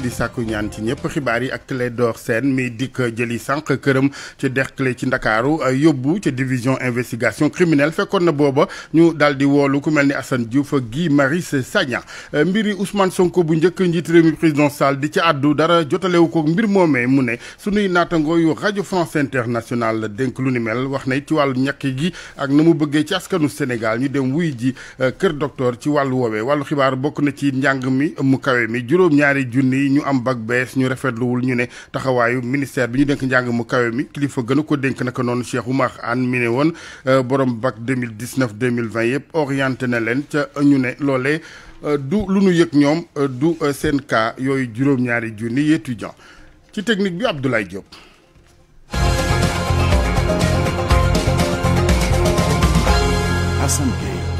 di sàkku ñaan ci ñëpp xibaar yi ak Clédor Sène mi dikk jëli sànq këram ci Derklé ci ndakaaru euh, yóbbu ci division investigation criminelle fekkoon na booba ñu daal di woolu ku mel ni Assane Diouf gi Guy Marius Sagna euh, mbiri Ousmane Sonko bu njëkk njiit réew mi président Sall di ci àddu dara jotalewu ko mbir moomee mu ne sunuy naatangoo yu rajo France Internationale dénk lu ni mel wax na ci wàllu ñàkk gi ak na mu bëggee ci askanu Sénégal ñu dem wuy ji euh, kër docteur ci yi ñu am bac bees ñu rafetluwul ñu ne taxawaayu ministère bi ñu dénk njàng mu kawe mi kilifa gën ko dénk naka noonu Cheikh Oumar Anne mi ne woon euh, borom bac 2019 2020 yëpp orienté na leen ca ñu ne loole euh, du lu nu yëg ñoom euh, du seen kaa yooyu juróom-ñaari junni étudiant ci technique bi Abdoulaye Diop.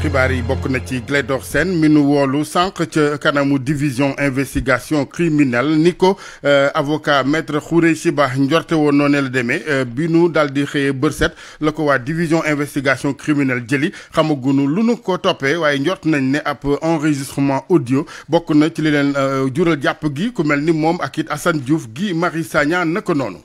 xibaar yi bokk na ci Clédor Sène mi nu woolu sànq ca kanamu division investigation criminelle ni ko euh, avocat maître Khoureyssi Ba njorte woon deme, la demee euh, bi nu daal di xëyee bërset la ko waa division investigation criminelle jëli xamagunu lu nu ko toppee waaye njort nañ ne ab enregistrement audio bokk na ci li leen euh, jural jàpp gi ku mel ni moom ak it Assane Diouf gi Marie Sanya naka noonu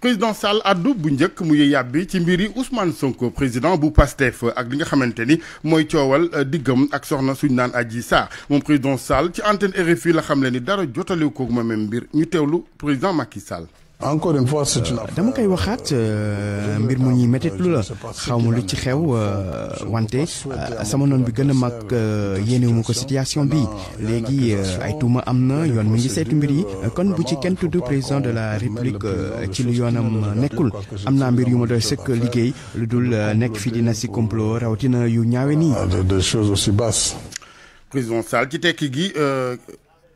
président Sall addu bu njëkk mu yàbbi ci mbiri Ousmane Sonko président bu PASTEF ak li nga xamante ni mooy coowal euh, diggam ak soxna suñ naan Adji Sarr moom président Sall ci antenne RFI la xam le ni dara jotalewu ko moom mbir ñu teewlu président Macky Sall. encore une fois c'est une dama koy waxaat euh, mbir mu ñi métit lu la xawma lu ci xew euh, wante euh, sama non bi gëna mak mag yéenewuma ko situation bi légui ay tuuma am na yoon mi ngi sét mbir yi kon bu ci kenn tudd président de la république ci lu yoonam nekkul amna mbir yu ma doy sëkk liggéey lu dul nekk fi dina ci complot rawatina yu ñaawé ni. Ah, des choses aussi basses président Sall ci tekki gi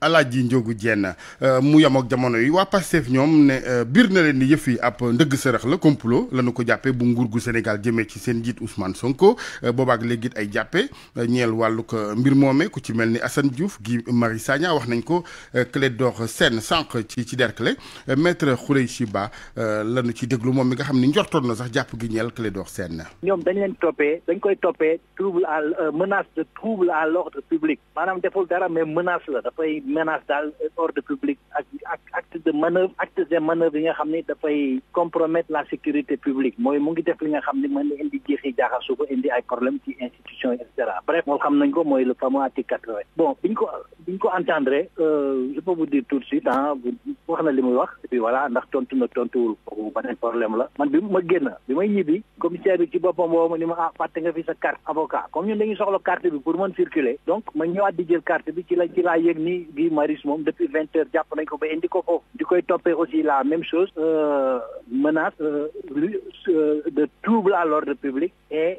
Alaaji Njóogu Jeen euh, mu yem ak jamono yi wa passef ñom ne euh, biir na leen ni yëf yi ab ndëgg sërëx la complot lañu ko jappé bu nguur gu Sénégal jëmee ci seen jitt Ousmane Sonko euh, boobaak léegi ay jappé ñeel walu ko mbir momé ku ci melni Assane Diouf gi Marie Sagna wax nañ ko d'or sen sank ci ci maître Khoureychi Shiba, lañu ci déglu moom mi nga xamni ni njortoon na sax japp gi ñeel d'or sen ñom dañ leen topé dañ koy topé trouble à menace de trouble à l'ordre public manam deful dara mais menace la fay menace daal ordre public ak ak acte de manœuvre acte de manœuvre yi nga xam ni dafay compromettre la sécurité publique mooy mu ngi def li nga xam ni mën na indi jeexi jaaxa su ko indi ay problème ci institution et cetera bref moom xam nañ ko mooy le fameux article quatre-vingt bon biñ ko biñ ko entendre euh, je peux vous dire tout de suite ah wax na li muy wax et puis voilà ndax tontu na tontuwul kooku beneen problème la man bi ma génn bi may ñibbi commissaire bi ci boppam woo ma ni ma ah fàtte nga fi sa carte avocat comme ñun dañuy soxla carte bi pour mën circuler donc ma ñëwaat di jël carte bi ci la ci laa yëg ni bi depuis 20 heures japonais, nañ ko ba indi ko aussi la même chose euh, menace euh, euh, de trouble à l'ordre public et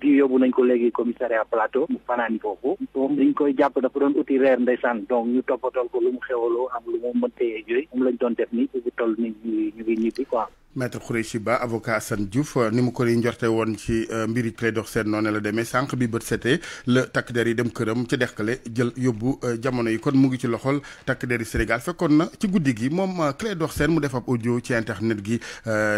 kii yóbbu nañ ko léegi commissariat plateau mu fanaani foofu moom dañ koy jàpp dafa doon uti reer ndeysaan donc ñu toppatool ko lu mu xewaloo am lu mu mëntee yooyu moom lañ doon def ni bu toll ni ñu ngi ñibbi quoi maître Khoureychi Ba avocat san Diouf euh, ni mu ko di njorte woon ci euh, mbiri Clédor Sène noonu la demee sànq bi bët setee la takk der yi dem këram ci dexkale jël yóbbu euh, jamono yi kon mu ngi ci loxol takk der yi Sénégal fekkoon na ci guddi gi moom Clédor Sène mu def ab audio ci internet gi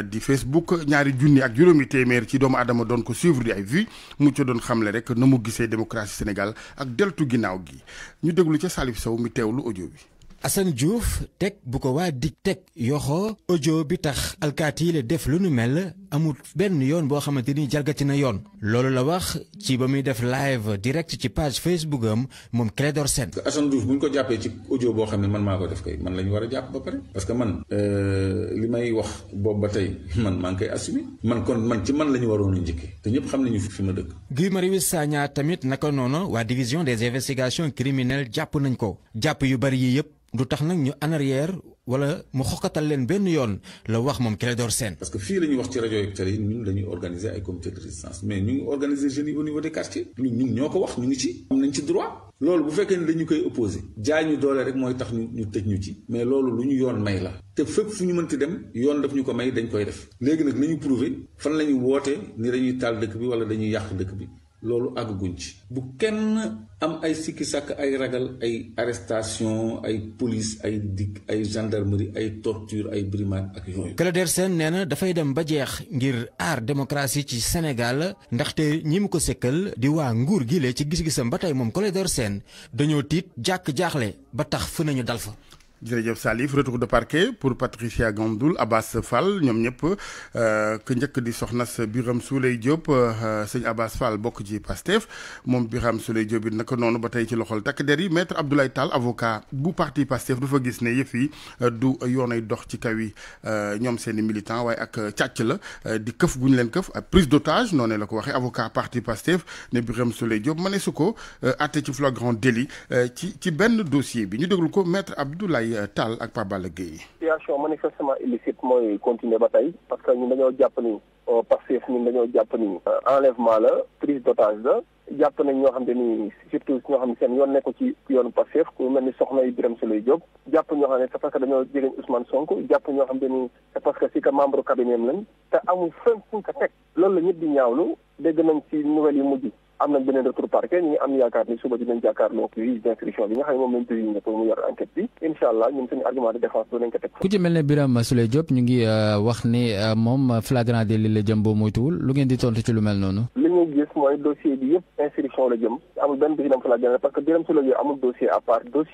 di Facebook ñaari junni ak juróomi téeméer ci doomu aadama doon ko suivre di ay vues mu ci doon xamle rek na mu gisee démocratie Sénégal ak deltu ginnaaw gi ñu déglu ca Salif Sow mi teewlu audio bi. Assane Diouf teg bu ko waa dig teg yoxoo ojo bi tax alkaati yi la def lu nu mel amul benn yoon boo xamante ni jalgati na yoon loolu la wax ci ba muy def live direct ci page Facebook am moom Clédor Sène. Assane Diouf bu ñu ko jàppee ci audio boo xam ne man maa ko def kay man la ñu war a jàpp ba pare parce que man euh, li may wax boobu ba tey man maa ngi koy man kon man ci man la ñu waroon a te ñëpp xam nañu fi ma dëkk. Guy Marius Sagna tamit naka noonu waa division des investigations criminelles jàpp nañ ko jàpp yu bari yii yëpp du tax nag ñu en wala mu xoqatal leen benn yoon la wax moom Clédor Sène. parce que fii la ñuy wax ci rajo yeeg yi ñun dañuy organiser ay comité de résistance mais ñu ngi organiser jeunes yi au niveau des quartiers. ñun ñoo ko wax ñu ngi ci. am nañ ci droit. loolu bu fekkee ne dañu koy opposé jaay ñu doole rek mooy tax ñu ñu tëj ñu ci. mais loolu lu ñu yoon may la. te fépp fu ñu mënti dem yoon daf ñu ko may dañ koy def. léegi nag nañu prouver fan la ñu wootee ni dañuy taal dëkk bi wala dañuy yàq dëkk bi. loolu àgguñ ci bu kenn am ay sikki sàkk ay ragal ay arrestation ay police ay dik ay gendarmerie ay torture ay brimade ak yooyu. Clédor Sène nee na dafay dem ba jeex ngir aar démocratie ci Sénégal ndaxte ñi mu ko sekkal di waa nguur gi le ci gis-gisam ba tey moom Clédor seen dañoo tiit jàkk jaaxle ba tax fu nañu dal fa. jërëjëf Salif retour de parquet pour Patricia Gandoul Abbas Fall ñoom ñëpp euh, ke njëkk di soxna sa Biram Souley Diop euh, sëñ Abbas Fall bokk ji Pastef mom Biram Souley Diop nak nonu noonu ba ci loxol tak der yi maître Abdoulaye Tall avocat bu parti Pastef du fa gis ne yëf yi euh, du yoonay dox ci kawi euh ñom seen militant way ak càcc la di keuf gu leen prise d'otage noné la ko waxee avocat parti Pastef ne Biram Souley Diop ma ne ci flagrant délit ci ci benn dossier bi ñu déglu ko maître Abdoulaye Abdoulaye Tall ak Pape Balla Gueye. situation manifestement illicite mooy continuer ba tey parce que ñun dañoo jàpp ni euh, Pastef ñun dañoo jàpp ni. Euh, enlèvement la prise d'otage la. jàpp nañ ñoo xam ni seen yoon nekk ci yoonu Pastef ku mel ni soxna yi Birame Souleye Diop jàpp ñoo xam ne c'est parce que dañoo jege Ousmane Sonko jàpp ñoo xam ni c'est parce que si que membre cabinet lañ te amul fenn fuñ ko loolu la di ñaawlu dégg nañ ci nouvelles yu mujj am na beneen retour parquet ñu ngi am yaakaar ni suba dinañ jàkkaarloo ak juge d'instruction bi nga xam ne moom ne argument de défense dinañ ne Birame Souleye euh, euh, gis mooy dossier bi yëpp instruction la jëm amul benn bi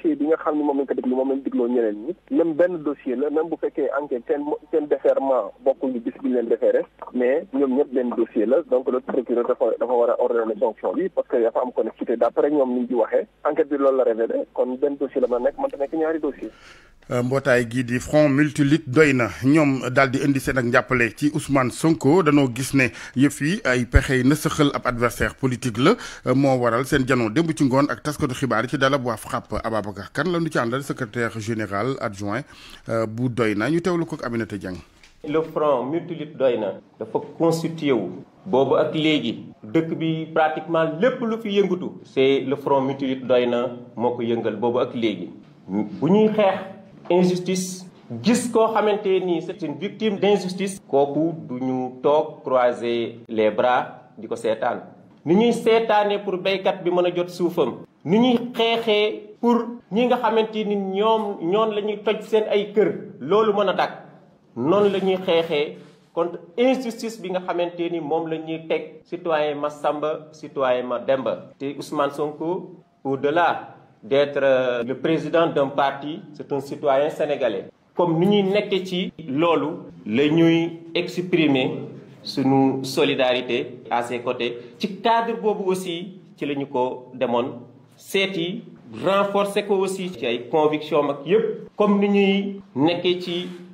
ci dem bi nga xam ne moom lañ ko déglu moom lañ dégloo ñeneen ñi même benn dossier la même bu fekkee enquête seen seen déferment bokkul bis bi leen déféré mais ñoom ñëpp benn dossier la donc le procureur dafa dafa war a ordonner connexion bi parce que dafa am connectivité d'après ñoom ni ñu ci waxee enquête bi loolu la révélé kon benn dossier la mën nekk mën ta nekk ñaari dossier euh, mbootaay gii di front multilutte doy na ñoom daal di indi seen ak njàppale ci Ousmane Sonko danoo gis ne yëf yi ay pexey na sëxal ab adversaire politique la euh, moo waral seen janoo démb ci ngoon ak taskatu xibaar ci dalab waa FRAPP Ababacar kan la nu ci àndal secrétaire général adjoint euh, bu doy na ñu teewlu ko ak Aminata Diang le front multilitre doy na dafa constitué wu boobu ak léegi dëkk bi pratiquement lépp lu fi yëngatu c'est le front multilitre doy na moo ko yëngal boobu ak léegi bu ñuy xeex injustice gis koo xamante c'est une victime d'injustice kooku du ñu toog croiser les bras di ko seetaan ni ñuy pour béykat bi mën a jot suufam ni ñuy xeexee pour ñi nga xamante ni ñoom ñoon la ñuy toj seen ay kër loolu mën a dàkk non la ñuy xeexee contre injustice bi nga xamante ni moom la ñuy teg citoyen ma Samba citoyen ma Demba te Ousmane Sonko au-delà d'être euh, le président d'un parti c'est un citoyen sénégalais comme ni ñuy nekk ci loolu la ñuy exprimer suñu solidarité à ses côtés ci cadre boobu aussi ci la ñu ko demoon renforcer ko aussi ci ay conviction mag yépp comme ni ñuy nekkee ci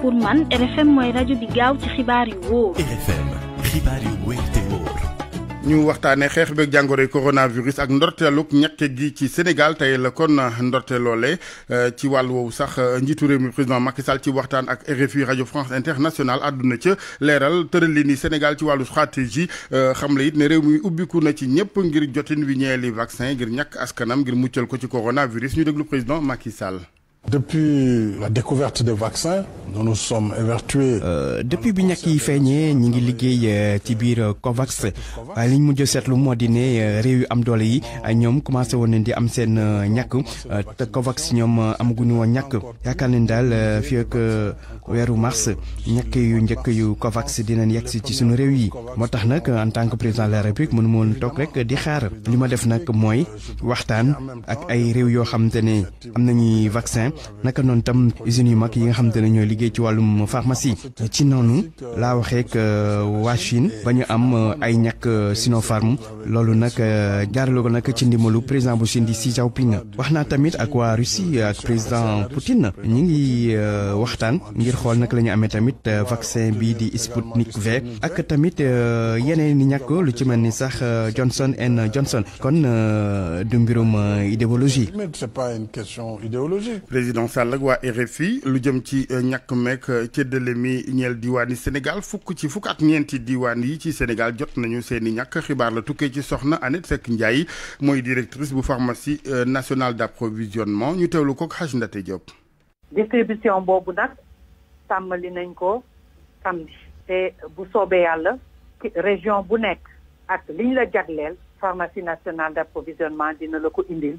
pour man RFM mooy rajo bi gaaw ci xibaar yu wóor. RFM xibaar yu wóor te wóor. ñu waxtaanee xeex beeg jàngoroy coronavirus ak ndorteelug ñàkk gi ci Sénégal tey la kon ndorte loole euh, ci wàll woowu sax euh, njiitu réew mi président Macky Sall ci waxtaan ak RFI Radio France International àdduna ca leeral tëralin yi Sénégal ci wàllu stratégie euh, xam la it ne réew mi ubbiku na ci ñëpp ngir jotin wi ñeeli vaccin ngir ñàkk askanam ngir muccal ko ci coronavirus ñu déglu président Macky Sall. Depuis la découverte des vaccins, nous nous sommes évertués. Euh, depuis binyaki ñàkk yi feeñee ñi ngi liggéey euh, ci biir euh, COVAX waaye li ñu mujj seetlu di ne réew yu am doole yi ñoom commencé woon nañ di am te COVAX mars ñàkk yu yu COVAX dinañ yegg ci suñu réew yi en tant que président de la république mënu ma woon toog rek di xaar li def nag waxtaan ak ay réew yo xamante ne vaccin naka non tam usine yu mag yi nga xamante ne ñooy liggéey ci walum pharmacie ci nonu la waxé que euh, waa Chine ba am euh, ay ñak euh, Sinopharm lolu nak jaarale ko nak ci ndimbalu président bu Chine di Xi Jinping wax tamit ak wa Russie ak président Poutine ñi ngi waxtaan ngir xol nak lañu amé tamit vaccin bi di Sputnik V ak tamit yeneen ni ñàkk lu ci melni sax Johnson and Johnson kon du mbirum idéologie. président Sall ak waa RFI lu jëm ci euh, ñàkk meeg cëddale euh, mi ñeel diwaan yi Sénégal fukk ci fukk ak ñeenti diwaan yi ci Sénégal jot nañu seen i ñàkk xibaar la tukkee ci soxna Annette Seck Ndiaye mooy directrice bu pharmacie euh, nationale d'approvisionnement ñu teewlu ko xaj Ndate Diop. distribution boobu nag tàmbali nañ ko samedi. te bu soobee yàlla région bu nekk ak liñ la jagleel pharmacie nationale d'approvisionnement dina la ko indil.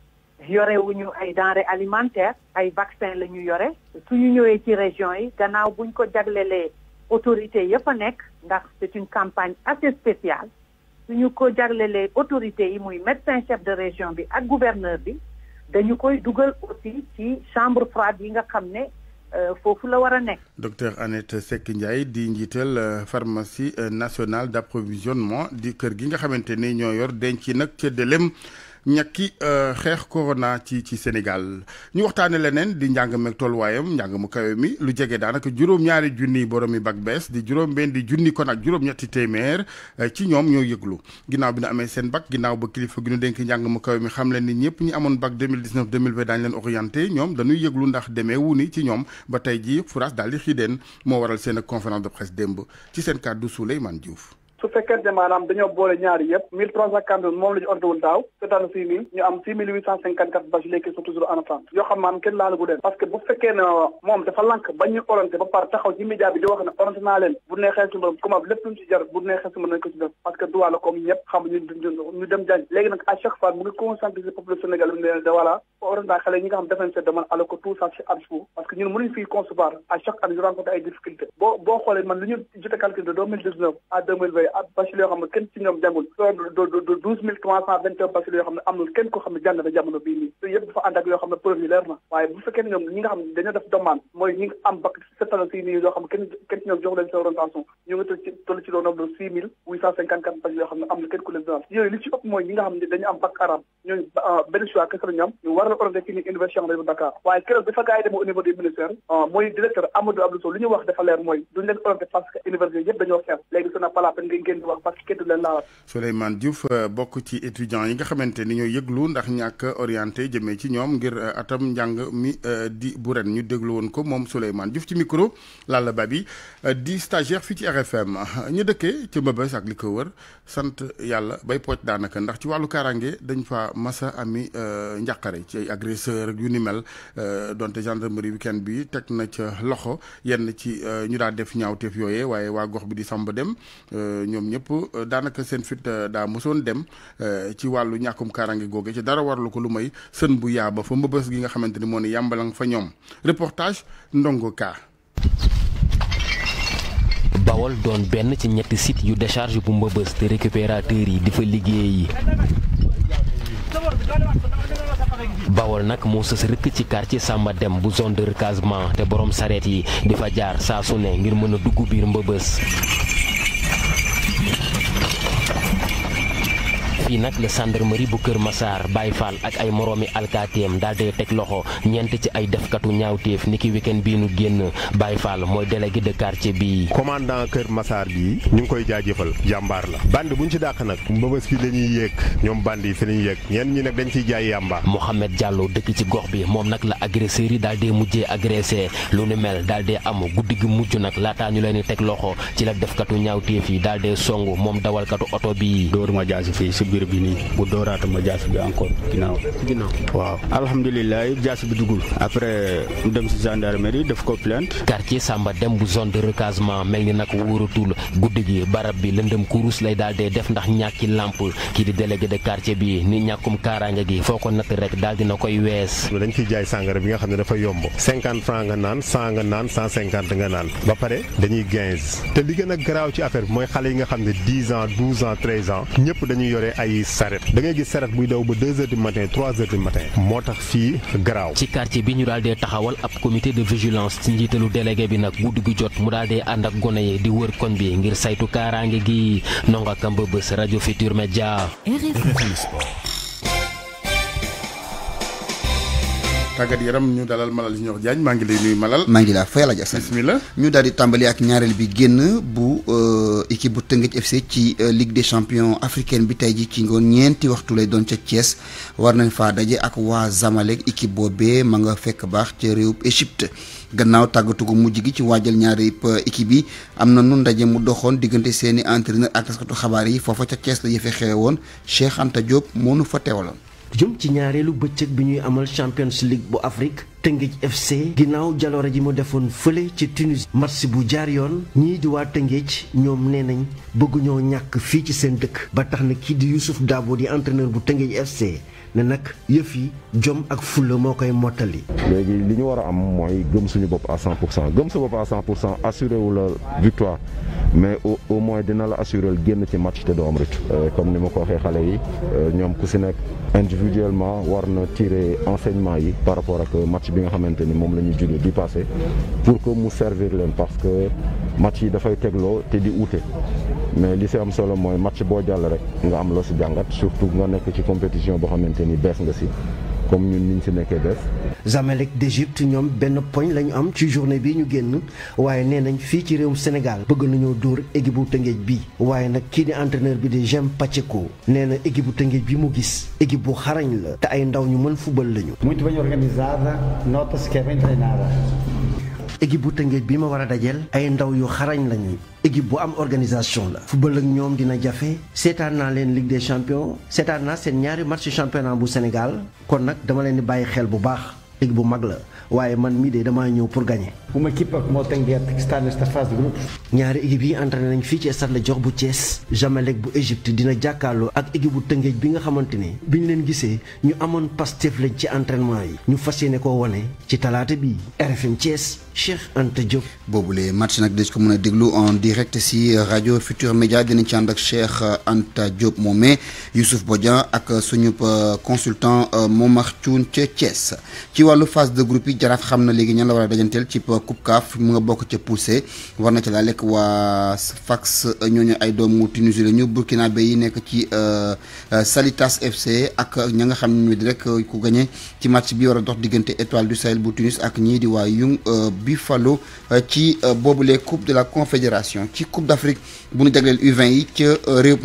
yore wuñu ay denrées alimentaires ay vaccin la ñu yore suñu ñëwee ci région yi gannaaw buñ ko jaglelee autorités yëpp a nekk ndax c'est une campagne assez spéciale suñu ko jaglelee autorités yi muy médecin chef de région bi ak gouverneur bi dañu koy dugal aussi ci chambre froide yi nga xam ne euh, foofu la war a nekk. docteur Annette sekk Ndiaye di njiital euh, pharmacie euh, nationale d'approvisionnement di kër gi nga xamante ni ñoo yor denc nag delem ñakki euh, xeex corona ci ci Sénégal ñu waxtaane leneen di njàng meeg tolluwaayam njàng mu kawe mi lu jege daanaka juróom-ñaari junni borom yi bac bees di juróom benn di junni kon ak juróom-ñetti téeméer euh, ci ñoom ñoo yëglu ginnaaw bi ñu amee seen bac ginnaaw ba kilifa gi ñu dénk njàng mu kawe mi xam leen ni ñëpp ñi amoon bac 2019 2020 daañu leen orienté ñoom dañuy yëglu ndax demee wu ni ci ñoom ba tey ji France daal di xiideen moo waral seen conférence de presse démb ci seen kàddu Souleymane Diouf su fekkente maanaam dañoo boole ñaari yëpp mille trois cent quarante moom la mille yoo xam maanaam kenn laalu gu leen parce que bu fekkee ne moom dafa lank bañ ñu orienté ba par taxaw bu neexee suñu borom comme lépp luñ ci jar bu parce que droit la comme ñëpp xam ñu ñu dem jàng léegi nag à chaque fois mu ngi conscientiser population sénégal bi ne de voilà orienté naa xale ñi nga xam def nañ seen demande parce que ñun mënuñ fii concevoir à ñu rencontré ay difficultés boo à deux mille ab bachelier kenn euh, ko xam ne jàng na jamono bii nii yooyu yëpp dafa ànd xam ne preuve yi leer ne ñoom ñi xam ne dañoo def xam ne kenn kenn xam ne kenn ku xam ne dañu am bac arabe euh, am ñu war la orienté euh, wax dafa leer mooy duñ leen orienté parce que yëpp dañoo xeer lañ gën di wax parce euh, bokk ci étudiants yi nga xamante ni ñoo yëglu ndax ñàkk orienté jëmee ci ñoom ngir euh, atam njàng mi euh, di bu ren ñu déglu woon ko moom Souleymane Diouf ci micro ba bi di stagiaire fii ci RFM ñu dëkkee ci Mbëbës ak li sant yàlla bay pooj daanaka ndax ci wàllu kaaraange dañ fa masa ami njàqare ci ay agresseur yu ni mel donte gendarmerie weekend bi teg na ca loxo yenn ci ñu daa def ñaaw ñaawteef yooyee waaye waa gox bi di Samba Dem ñom ñëpp euh, danaka seen fit euh, da mësoon dem euh, ci walu ñakum karangi goge ci dara warlu ko lu may seen bu ya ba fa mbëbës gi nga xamante ni ne fa ñom reportage ndongo ka bawol doon benn ci ñetti site yu décharge bu mbëbës te récupérateur yi di liggéey bawol nak mo seus rek ci quartier Samba Dem bu zone de recasement te borom sareet yi di jaar sa su ne ngir mëna dugg biir mbëbës fii nag la gendarmerie bu Kër Massar Baye Fall ak ay moroomi alkaateem daal di teg loxo ñeent ci ay defkatu ñaawteef ni ki week-end bii nu génn Baye Fall mooy délégué de quartier bi commandant Kër Massar bi ñu ngi koy jaajëfal jàmbaar la band buñ ci dàq nag mbëbës fi lañuy yéeg ñoom band yi fi lañuy yéeg ñenn ñi nag dañ ciy jaay yàmba Mohamed Diallo dëkk ci gox bi moom nag la agresseur yi daal dee mujjee agressé lu nu mel daal dee am guddi gi mujj nag laataa ñu leen teg loxo ci la defkatu ñaawteef yi daal dee song moom dawalkatu oto bi miir bi nii mu dooraata ma jass bi encore ginaaw ginaaw waaw alhamdullilah jass bi dugul après dem ci gendarmerie def ko plainte quartier Samba dem bu zone de recasement melni nak nag wóoratul guddi gi barab bi lëndëm kourous lay daal dee def ndax ñaaki lampe ki di délégué de quartier bi ni ñàkkum karanga gi foko ko rek dal dina koy wess dañ ci jaay sàngara bi nga xamne dafa yomb 50 francs nga nan 100 nga nan 150 nga nan ba paré dañuy quinze te li gëna graw ci affaire moy xalé yi nga xamne 10 ans 12 ans 13 ans ñepp dañuy yoré ay da ngay gis saret buy daw ba deux heures matin trois heures matin moo tax fii garaaw ci quartier bi ñu daal dee taxawal ab comité de vigilance ci njiitalu délégué bi nag guddi gu jot mu daal dee ànd ak gone yi di wër koñ bi ngir saytu kaaraange gi nonga kamba bés rajo Futur Media tàggat yaram ñu dalal Malal Junior Diagne maa ngi lay nuyu Malal. maa ngi laa fay la jaasal ñu daal di tàmbali ak ñaareel bi génn bu euh, équipe bu Teungueth FC ci euh, Ligue des champions africaine bi tey ji ci ngoon ñeenti waxtu lay doon ca Thiès war nañ faa daje ak waa Zamalek équipe boobee ma nga fekk baax ca réew Égypte. gannaaw tàggatu ko mujj gi ci waajal ñaari euh, équipe yi am na nu ndaje mu doxoon diggante seeni entraîneur ak taskatu xabaar yi foofa ca Thiès la yëfe xewe woon Cheikh Anta Diop moo nu fa teewaloon. jëm ci ñaareelu bëccëg bi ñuy amal Champions League bu Afrique Tëngéej FC ginnaaw jaloore ji ma defoon fële ci Tunis match bu jaar yoon ñii di waa Tëngéej ñoom nee nañ bëgguñoo ñàkk fii ci seen dëkk ba tax na kii di Youssouf Dabo di entraîneur bu Tëngéej FC ne nak yëf yi jom ak fulle moo koy mottali. léegi li ñu war a am mooy gëm suñu bopp à 100 pour cent gëm sa bopp à 100 pour cent assuré wu la victoire mais au moins dina la assuré génn ci match te doom am rëcc. Euh, comme ni ma ko waxee xale yi euh, ñoom ku si nekk individuellement war na tirer enseignement yi par rapport ak match bi nga xamante ni moom la ñu di passé pour que mu servir leen parce que match yi dafay tegloo te di uute. mais li am solo mooy match boo jàll rek nga am loo si jàngat surtout nga nekk ci compétition boo xamante ni nga si comme ñun niñ si nekkee bees. Zamalek d'Égypte ñoom benn poñ la am ci journée bii ñu génn waaye nee nañ fii ci réewum Sénégal bëgg nañoo dóor équipe bu Tëngéej bii waaye nag di entraîneur bi di Jem Pacheco nee na équipe bu bi mu gis équipe bu xarañ la te ay ndaw ñu mën fubal lañu. Muito bem organizada, nota-se que é bem treinada. équipe bu Tëngéej bi ma war a dajeel ay ndaw yu xarañ lañu équipe bu am organisation la football ak ñoom dina jafe seetaan naa leen liggéey des champions seetaan naa seen ñaari match championnat bu Sénégal kon nag dama leen di bàyyi xel bu baax équipe bu mag la waaye man mii de damaa ñëw pour gagner. bu ma képp ak moo Tëngéej stade cette phase de groupe. ñaari équipe yi entraîné nañ fii ci stade Lat Dior bu Thiès. Zamalek bu Égypte dina jàkkaarloo ak équipe bu Tëngéej bi nga xamante ne bi ñu leen gisee ñu amoon Pastef lañ ci entraînement yi. ñu fas yéene koo wane ci talaata bii Cheikh Anta Diop. boobule match nak des ko mën a déglu en direct ci radio Futur Média dina ci ànd ak Cheikh Anta Diop momé Youssouf Bodian ak suñu euh, consultant euh, Momar Thioune Thiès. ci walu phase de groupe yi jaraf xamna légui ñan la war a ci coupe CAF mu nga bokk ci pousser war na ci la lek wa Sfax ñoñu ay doomu Tunisie la ñu Bay yi nek ci euh, Salitas FC ak ña nga xam rek ku gagné ci match bi wara dox diggante étoile du Sahel bu Tunis ak ñi di wa Young. Buffalo euh, ci euh, les coupe de la confédération qui coupe d'Afrique bu ñu U20 yi ca euh, réew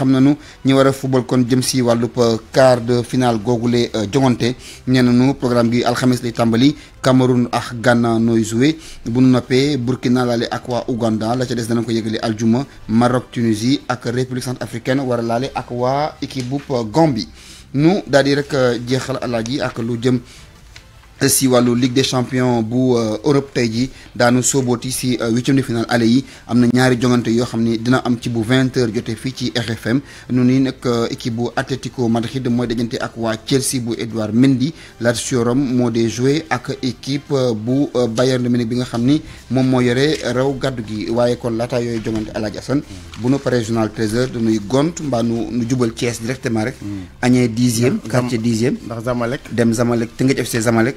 Hamnanu te football kon jëm si quart de finale gogou jongante nee programme bi alxames lay Tambali, Cameroun ak Ghana Noizoué, joué Burkina Faso, ak quoi Ouganda la ca des ko aljuma Maroc Tunisie ak République centrafricaine ou a laale ak quoi équipe Gambie Nous, d'ailleurs, di rek jeexal alaaji ak lu jëm si walu Ligue des champions bu euh, Europe Dans nous sobot ici euh, huitième de finale aller yi dina am heures fi ci RFM nu ni euh, équipe bu Atlético Madrid mooy ak Chelsea Edouard Mendy Lazio rom mo dé joué ak équipe bu Bayern de Munich bi nga xamni mom mo yoré raw gi kon lata mm. journal 13h gont nu nu directement mm. dixième quartier dixième. ndax FC Zamalek.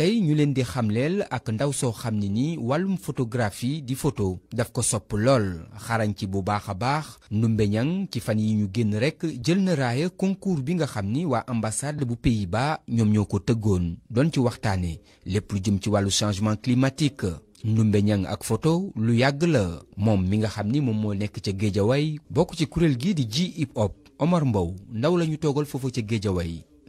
tey ñu leen di xamleel ak ndaw soo xam ne ni wàllum photographie di photo daf ko sopp lool xarañ ci bu baax a baax Ndumbe ci fan yi ñu génn rek jël na raaya concours bi nga xam ni waa ambassade bu Pays-Bas ñoom ñoo ko tëggoon doon ci waxtaane lépp lu jëm ci wàllu changement climatique Ndumbe ak photo lu yàgg la moom mi nga xam ni moom moo nekk ca Géejawaay bokk ci kuréel gii di ji hip hop Omar Mbow ndaw la ñu toogal foofu ca Géejawaay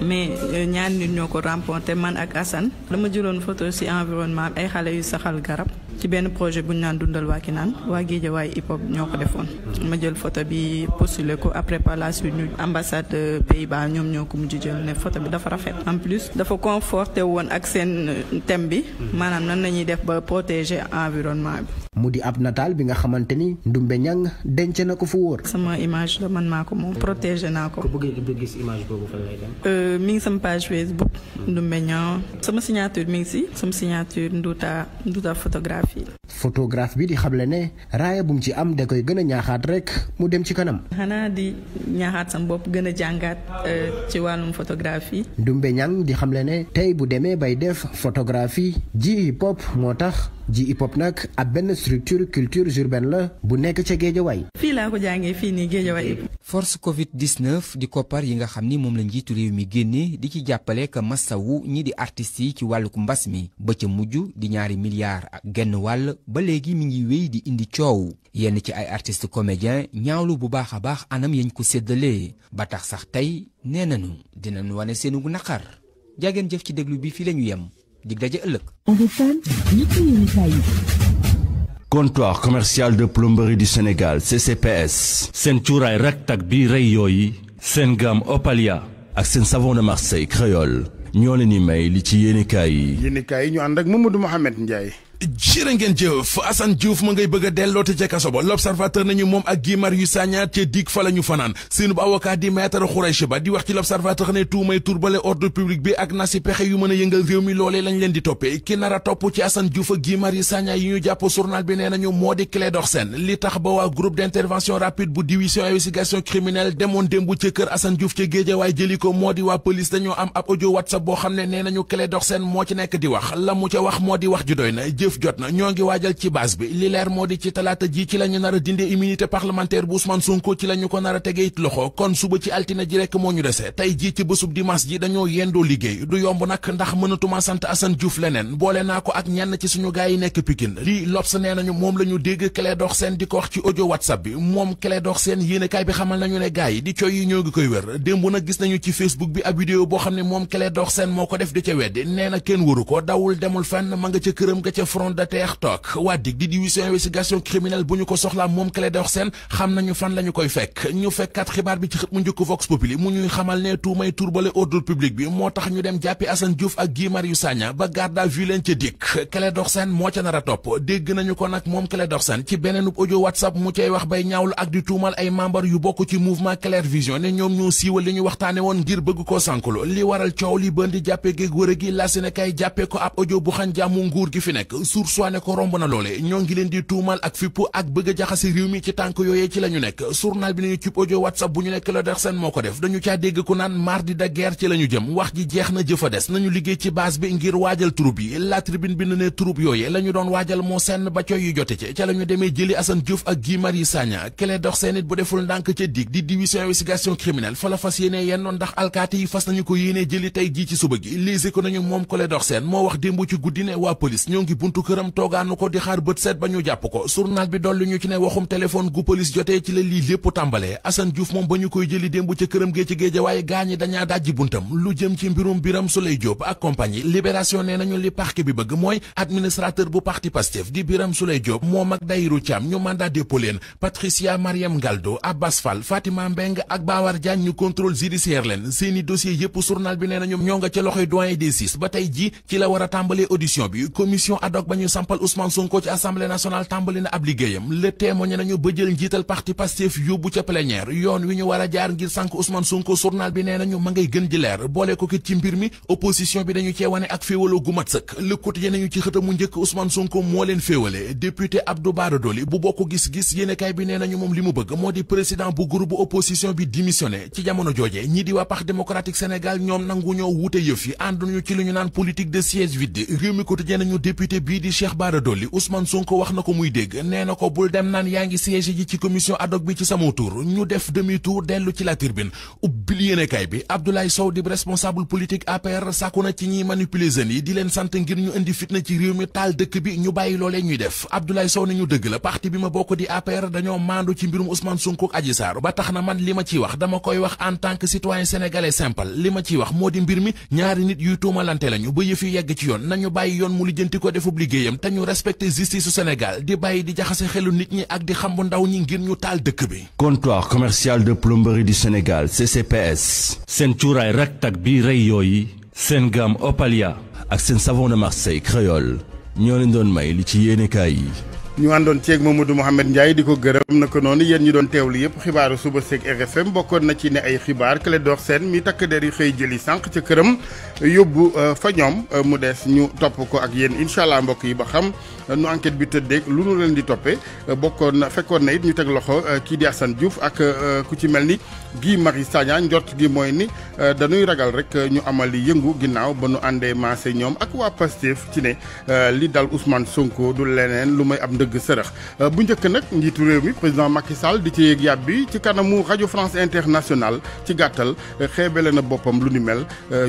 mais euh, ñaan nit ñoo ko remporté man ak Assane dama jëloon photo ci environnement ay xale yu saxal garab ci benn projet bu ñu naan dundal waa Kinaan waa Guédiawaye hip hop ñoo ko defoon. ma jël photo bi postulé ko après par la suite ñu ambassade Pays-Bas ñoom ñoo ko mujj jël ne photo bi dafa rafet. en plus dafa conforté woon ak seen thème bi. maanaam nan la ñuy def ba protéger environnement bi. mu di ab natal bi nga xamante ni Ndumbe Ñang denc na ko fu wóor. sama image la man maa ko moom protéger naa ko. ku bëgg gis image boobu fan lay euh, mi ngi sama page Facebook. Ndumbe Ñang sama signature mi ngi si. sama signature Nduta Nduta photographe. photographie la. bi di xamle ne raaya bu ci am da koy gën a ñaaxaat rek mu dem ci kanam. xanaa di ñaaxaat sam bopp gën a jàngaat euh, ci wàllum photographie. Dumbe Ñang di xamle ne tey bu demee bay def photographie ji hip hop moo ji hip hop nag ab benn structure culture urbaine la bu nekk ca géejawaay. fii laa ko jàngee fii nii géejawaay. force Covid 19 di koppar yi nga xam ni moom la njiitu mi génne di ci jàppale ka massawu ñi di artistes yi ci wàllug mbas mi ba ca mujj di ñaari milliards ak genn wàll ba léegi mi ngi wéy di indi coow yenn ci ay artiste comédien ñaawlu bu baax a baax anam yañ ko séddalee ba tax sax tey nee nañu dinañ wane seenu naqar jageen jëf ci déglu bi fii la ñu yem dig daje ëllëg. comptoir commercial de plomberie du Sénégal CCPS. seen cuuraay raktak bi rey yooyu. seen gamme Opalia. ak seen savon de Marseille créole. ñoo leen di may li ci yéenekaay yi. yéenekaay yi ñu ànd ak Mamadou Mouhamed Ndiaye. jërë ngeen jëf Assane Diouf ma ngay bëgg a delloote ca kaso ba l'observateur nañu moom ak Guy Marius Sagna ca dig fa la ñu fanaan seen bu avocat di maître Khouraychi Ba di wax ci l'observateur ne tuumay turbale ordre public bi ak nasi pexe yu mën a yëngal réew mi loolee lañ leen di toppee ki nar a topp ci Assane Diouf a Guy Marius Sagna yi ñu jàpp journal bi nee nañu moo di Clédor Sène li tax ba waa groupe d'intervention rapide bu division investigation criminelle demoon démb ca kër Assane Diouf ca ko moo di waa police dañoo am ab boo xam ne nee nañu Clédor Sène moo ci nekk di wax la mu ca wax moo wax ju doy na jëf jot na ñoo ngi waajal ci base bi li leer moo di ci talaata ji ci la ñu a dinde immunité parlementaire bu Ousmane Sonko ci la ñu ko nar a tege it loxo kon suba ci altine ji rekk moo ñu dese tey jii ci bésub dimanche ji dañoo yendoo liggéey du yomb nag ndax mënatuma sant Assane Diouf leneen boole naa ko ak ñenn ci suñu gaay nekk Pikine lii L'Obs nee nañu moom la dégg Clédor Sène di ko wax ci audio WhatsApp bi moom Clédor Sène yéenekaay bi xamal nañu front de terre toog waa dig di division ko soxlaa moom Clédor Sène xam nañu fan la ñu koy fekk ñu fekkat xibaar bi ci xët mu njëkk Vox Populi mu ñuy xamal ne tuumay turbale ordre bi moo tax ñu dem jàppi Assane Diouf ak Guy Marius Sagna ba garde à vue leen ca dikk Clédor Sène moo ca nara a topp dégg nañu ko nag moom Clédor Sène ci beneenub audio WhatsApp mu cay wax bay ñaawlu ak di tuumal ay membre yu bokk ci mouvement Clair ne ñoom ñoo siiwal li ñu waxtaane woon ngir bëgg koo sànkulo li waral coow li bën di jàppe géeg wër gi la Sénégal jàppe ko ab audio bu xan jàmmu nguur gi fi nekk sursoit ne ko romb na loole ñoo ngi leen di tuumal ak fippu ak bëgg a jaxase réew mi ci tànk yooyee ci la ñu nekk journal bi nañu cib audio whatsapp bu ñu nekk la dex seen moo ko def dañu caa dégg ku naan mardi de guerre ci la ñu jëm wax ji jeex na jëfa des nañu liggéey ci base bi ngir waajal troupe yi la tribune bi ne troupe yooyee la ñu doon waajal moo seen ba coy yu jote ci ca la ñu demee jëli Assane Diouf ak Guy Marius Sagna kelee dox seen it bu deful ndànk ca tey jii ci suba gi moom kole dox seen moo wax démb ci guddi ne waa police ñoo buntu këram toogaanu ko di xaar bët seet bañu japp ko journal bi dollu ñu ci ne waxum téléphone gu police jotee ci le li lepp tambalé Assane Diouf mom bañu koy jëli dembu ci këram gee ci géeja waaye gaañi dajji buntam lu jëm ci mbirum Biram Souleye Diop ak compagnie libération né nañu li parc bi bëgg moy administrateur bu parti Pastef di Biram Souleye Diop moom ak dayru cham ñu mandat dépôt Patricia Mariam Galdo Abbas Fall Fatima Mbeng ak Bawar Diagne ñu contrôle judiciaire leen seeni dossier yépp journal bi né nañu ñonga ci loxoy doyen des ba tay ji ci la wara tambalé audition bi commission ad hoc ba ñu sampal Ousmane Sonko ci assemblée nationale tàmbali na ab liggéeyam le témoigné nañu ba jël njiital parti Pastef yóbbu ca plénière yoon wi ñu war a jaar ngir sànk Ousmane Sonko journal bi nee nañu ma ngay gën di leer boole ko kit ci mbir mi opposition bi dañu cee ak féewaloo gu sëkk le quotidien ci xëtamu njëkk Ousmane Sonko moo leen féewale député Abdou Bara Dolly bu bokk gis-gis yéenekaay bi nee nañu moom li mu bëgg moo di président bu groupe opposition bi démissionné ci jamono jooje ñii di waa Parti démocratique Sénégal bii di Cheikh Bara Dolly Ousmane wax na ko muy dégg nee na ko bul dem naan yaa ngi siège ji ci commission ad bi ci sama tour ñu def demi tour dellu ci la turbine ubbil yéenekaay bi Abdoulaye Sow di responsable politique APR sàkku na ci ñiy manipuler jeunes yi di leen sant ngir ñu indi fitna ci réew mi taal dëkk bi ñu bàyyi loolee ñuy def Abdoulaye Sow ne ñu dëgg la parti bi ma bokk di APR dañoo maandu ci mbirum Ousmane Sonko ak Adji ba tax na man liggéeyam te ñu respecté justice su Sénégal di bàyyi di jaxase xelu nit ñi ak di xam bu ndaw ñi ngir ñu taal dëkk bi. comptoir commercial de plomberie du Sénégal CCPS. seen cuuraay raktak bi rey yooyu. seen gamme Opalia. ak seen savon de Marseille créole. ñoo leen doon may li ci yéenekaay yi. ñu àndoon ceeg Mamadou Mouhamed Ndiaye di ko gërëm naka noonu yéen ñu doon teewlu yëpp xibaaru suba seeg RFM bokkoon na ci ne ay xibaar Clédor seen mi takk der yi xëy jëli sànq ca këram yóbbu euh, fa ñoom euh, mu des ñu topp ko ak yéen incha allah mbokk yi ba xam. nu enquête bi tëddeeg lu nu leen di toppee bokkoon na fekkoon na it ñu teg loxo euh, kii di Assane Diouf ak euh, ku ci mel ni Guy Marius Sagna njort gi mooy ni euh, dañuy ragal rek ñu amal yëngu ginnaaw ba nu àndee maase ñoom ak waa pastif ci ne li dal Ousmane Sonko du leneen lu may ab ndëgg sërëx bu njëkk nag njiitu réew mi président Macky Sall di ci yéeg yàb bi ci kanamu radio France International, ci gàttal xeebale na boppam lu ni mel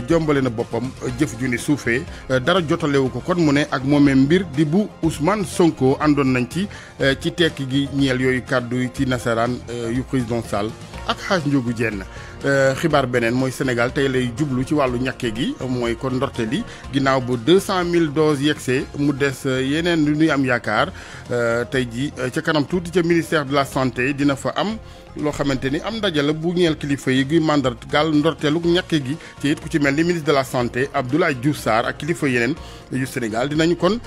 jombale na boppam jëf ju ni suufee dara jotalewu ko kon mu ne ak moomee mbir di bu Ousmane Sonko àndoon nañ ci eh, ci tekk gi ñeel yooyu kàddu ci nasaraan eh, yu président Sall ak xaaj njógu jenn Euh, xibaar beneen mooy Sénégal tey lay jublu ci wàllu ñàkke gi mooy kon ndorte li ginnaaw bu 200000 doses yegsee mu des euh, yeneen lu ñuy am yaakaar euh, tey ji ca kanam tuuti ca ministère de la santé dina fa am loo xamante ni am ndaje la bu ñeel kilifa yi gi màndar gaal ndorteelu ñàkke gi ci it ku ci mel ni ministre de la santé Abdoulaye Diouf Sarr ak kilifa yeneen yu Sénégal dinañu kon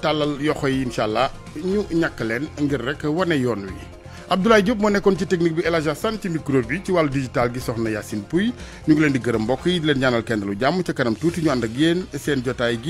tàllal yoxo yi incha allah ñu ñàkk leen ngir rek wane yoon wi. Abdoulaye Diop moo nekkoon ci technique bi El Hadj Assane ci micro bi ci wàllu digital gi soxna Yacine Pouy ñu ngi leen di gërëm mbokk yi di leen ñaanal kenn lu jàmm ca kanam tuuti ñu ànd ak yéen seen jotaay gi